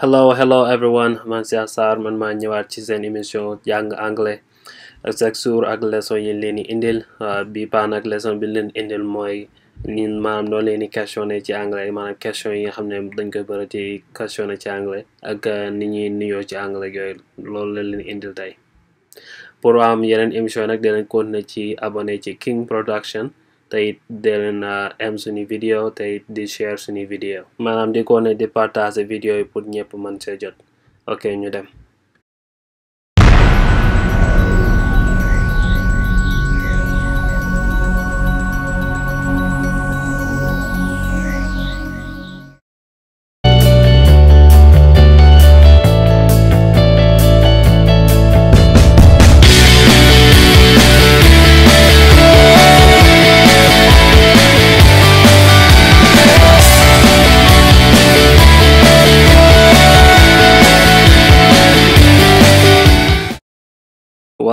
hello hello everyone man Cheikh Sarr man maa ñëwaat ci seen émission jàng anglais chaque jour ak leçon yi leen di indil ah, bi paa nag leçon bi leen indil mooy ñun maanaam doon leen di questionné ci anglais maanaam question yi nga xam ne dañ koy bëri ci questionné ci anglais ak ah, ni ñuy nuyoo ci anglais yooyu loolu la leen indil tey pour am yeneen émission nag dinañ continuer ci abonné ci King Production te it dee leen uh, am suñu vidéo te it di share suñu vidéo maanaam di ko ne di partager vidéo yi pour ñëpp mën see jot ok ñu dem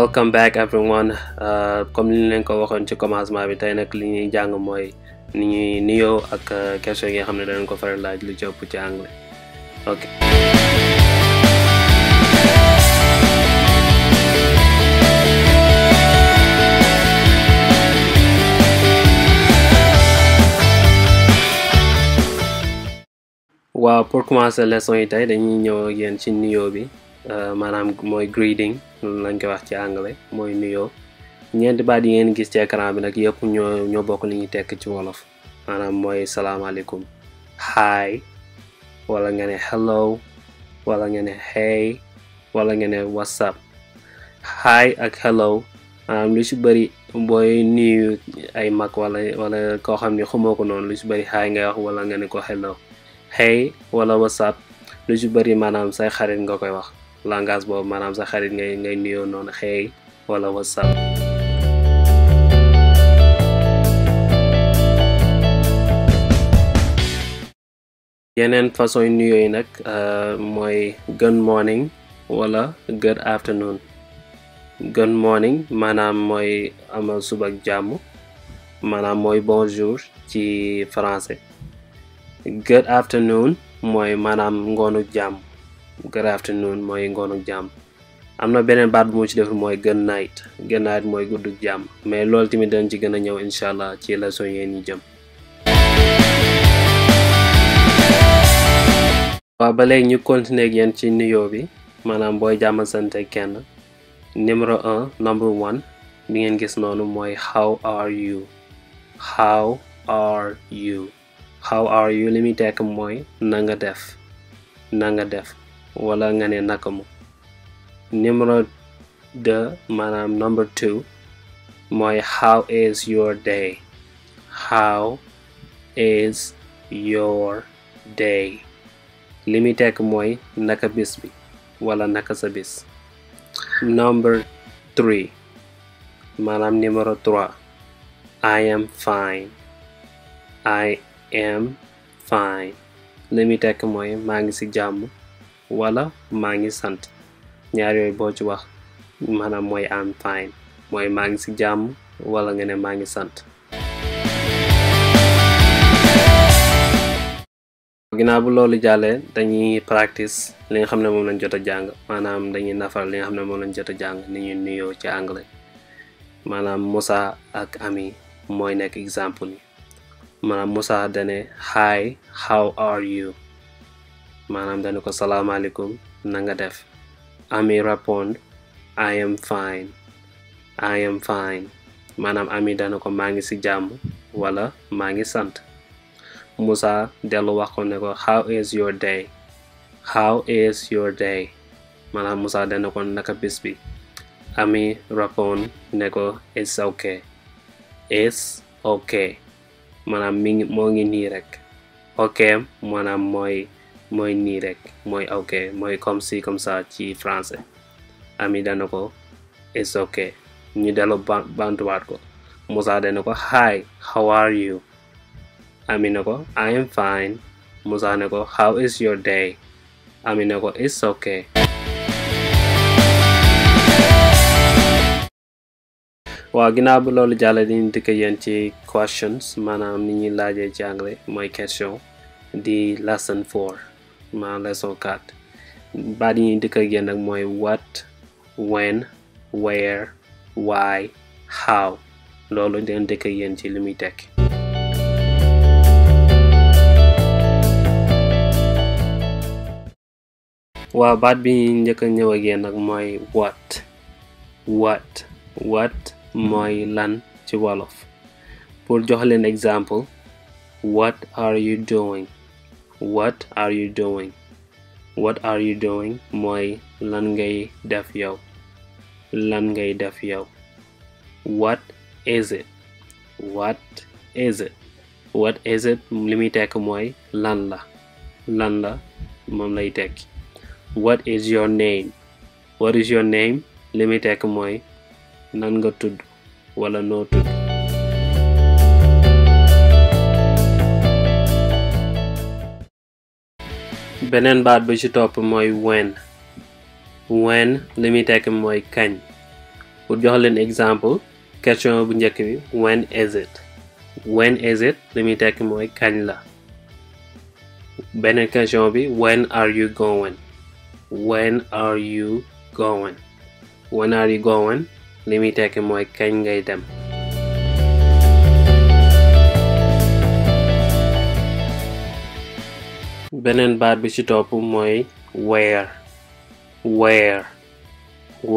welcome back euh, comme li ñu ko waxoon ci commencement bi tey nag li ñuy jàng mooy ni ñuy nuyoo ak euh, question yi nga xam ne danañ ko faral laaj lu ci ci anglais waaw pour commencer leçon yi tey dañuy ñëw ak ci nuyoo bi Euh, maanaam mooy greeting loolu lañ koy wax ci anglais mooy nuyoo ñeenti baat yi ngeen gis ci écran bi nag yëpp ñoo bokk li ñuy tekk ci wolof maanaam mooy salaamaaleykum hi wala nga ne hello wala nga ne hey wala nga ne what's ak hello maanaam lu si bari booy nuyu ay mag wala wala koo xam ne xamoo ko noonu lu si bari hi ngay wax wala nga ne ko hello hey wala what's up lu si bari maanaam say xarit nga koy wax langage boobu manaam sa xarit ngay ngay nuyoo noonu xëy wala whatsapp yeneen façon nuyo yi nag euh, mooy good morning wala good afternoon good morning maanaam mooy amal suba jàmm maanaam mooy bonjour ci français good afternoon mooy maanaam ngoonu jàmm good afternoon mooy ngoon jàmm am na beneen baat bu ci def mooy good night mooy guddug jàmm mais loolu tamit dañ ci gën a ñëw incha allah ci leçon yi ñu jëm. waaw ba léegi ñu ci nuyoo bi maanaam booy jàmmal sante kenn numéro un number one bi ngeen gis noonu mooy how are you how are you how tekk mooy nanga nga def na nga def. wala nga ne naka mu numéro 2 maanaam number 2 moy how is your day how is your day limi tek moy naka bis bi wala naka sa bis number 3 manam numero 3 i am fine i am fine limi tek moy mangi ci jamm wala maa ngi sant ñaar yooyu boo ci wax maanaam mooy am fine mooy maa ngi si jàmm wala nga ne maa ngi sant ginnaaw bu loolu jàllee dañuy practice li nga xam ne moom lañ jot a jàng maanaam dañuy nafar li nga xam ne moom lañu jot a jàng ni ñuy nuyoo ci anglais maanaam Musa ak Ami mooy nekk exemple yi maanaam Musa dane hi how are you maanaam dañu ko salaamaaleykum nanga def ami répond I am fine I am fine maanaam ami dana ko maa ngi ci jàmm wala maa ngi sant Musa dellu wax ko ne ko how is your day how is your day maanaam Musa dana ko naka bis bi ami répond ne ko it's okay it's okay maanaam mi moo ngi nii rek ok maanaam mooy mooy nii rek mooy ok mooy comme si comme ça ci français ami dana ko it's ok ñu delo bantuwaat ko Musa dana ko hi how are you ami na ko I am fine Musa ne ko how is your day ami na ko it's ok waaw ginnaaw bi loolu jàll diñu dikk yéen ci questions maanaam ni ñuy laajee ci anglais mooy question di lesson four maanaam lesson 4 baat yi ñuy dëkk ak yéen nag mooy what when where why how loolu dinañ dëkk ak yéen ci li muy tekki waaw baat bi ñuy njëkk a ñëw ak yéen nag mooy what what what mooy lan ci wolof pour jox leen exemple what are you doing What are you doing? What are you doing? Mui lan dafyo. def dafyo. What is it? What is it? What is it? Li muy tekk mooy lan What is your name? What is your name? Li muy tekk wala beneen baat bi ci topp mooy when when li muy tekk mooy kañ pour jox leen exemple question bu njëkk bi when is it when is it li muy tekk mooy kañ la beneen question bi when are you going when are you going when are you going li muy tekk mooy kañ ngay dem benen baat bi ci topp mooy where where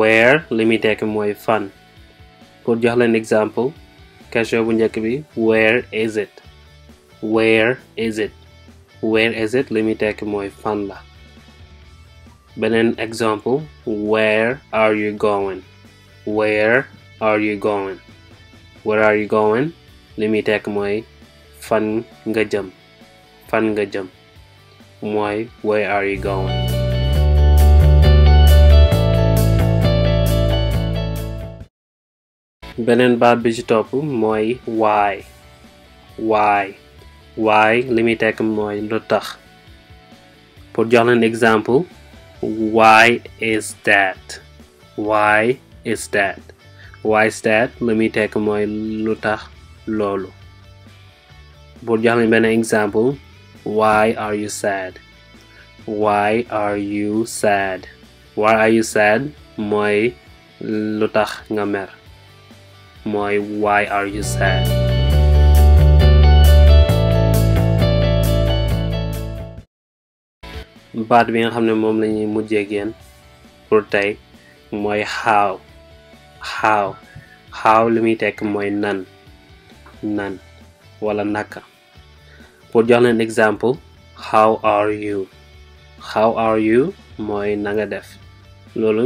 where li muy tekk mooy fan pour jox leen exemple question bu njëkk bi where is it where is it where is it li muy tekk mooy fan la example, exemple where are you going where are you going where are you going li muy tekk mooy fan nga jëm fan nga jëm why? Where are you going? beneen ba bi ci topp mooy why why why li muy tekk mooy lu tax pour jox leen exemple why is that why is that why is that li muy tekk mooy lu tax loolu pour jox leen beneen exemple Why are you sad? Why are you sad? Why are you sad? Mooy lu tax nga mer. why are you sad? baat bi nga xam ne moom la ñuy mujjee génn pour tay. mooy how how how li muy tekk mooy nan nan wala naka Cô cho an example. How are you? How are you? Mooy na nga def. Loolu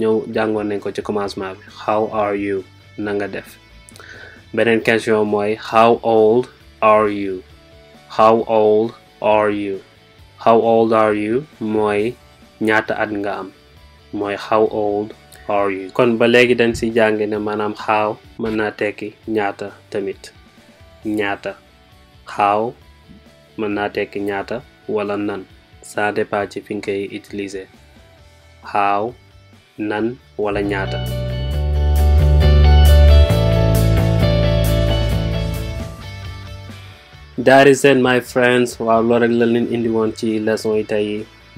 ñëw jàngoon nañ ko ci commencement bi. How are you? Na nga def. Beneen question mooy how old are you? How old are you? How old are you? Mooy ñaata at nga am. Mooy how old are you? Kon ba léegi dañ si jàng ne maanaam how mën naa tekki ñaata tamit. ñaata. How mën naa tekki ñaata wala nan ça dépend ci fi nga koy utiliser how nan wala ñaata that is it my friends waaw loolu rek la leen indi woon ci leçon yi tey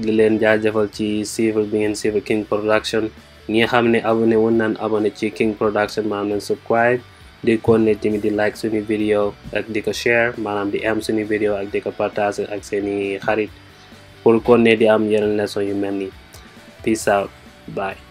di leen jaajëfal ci suivre bi ngeen suivre King Production ñi nga xam ne abonné woon naan abonné ci King Production maam leen subscribe di continuer tamit di like suñu vidéo ak di ko share maanaam di am suñu vidéo ak di ko partager ak seeni xarit pour kone di am yeneen leçon yu mel ni peace bye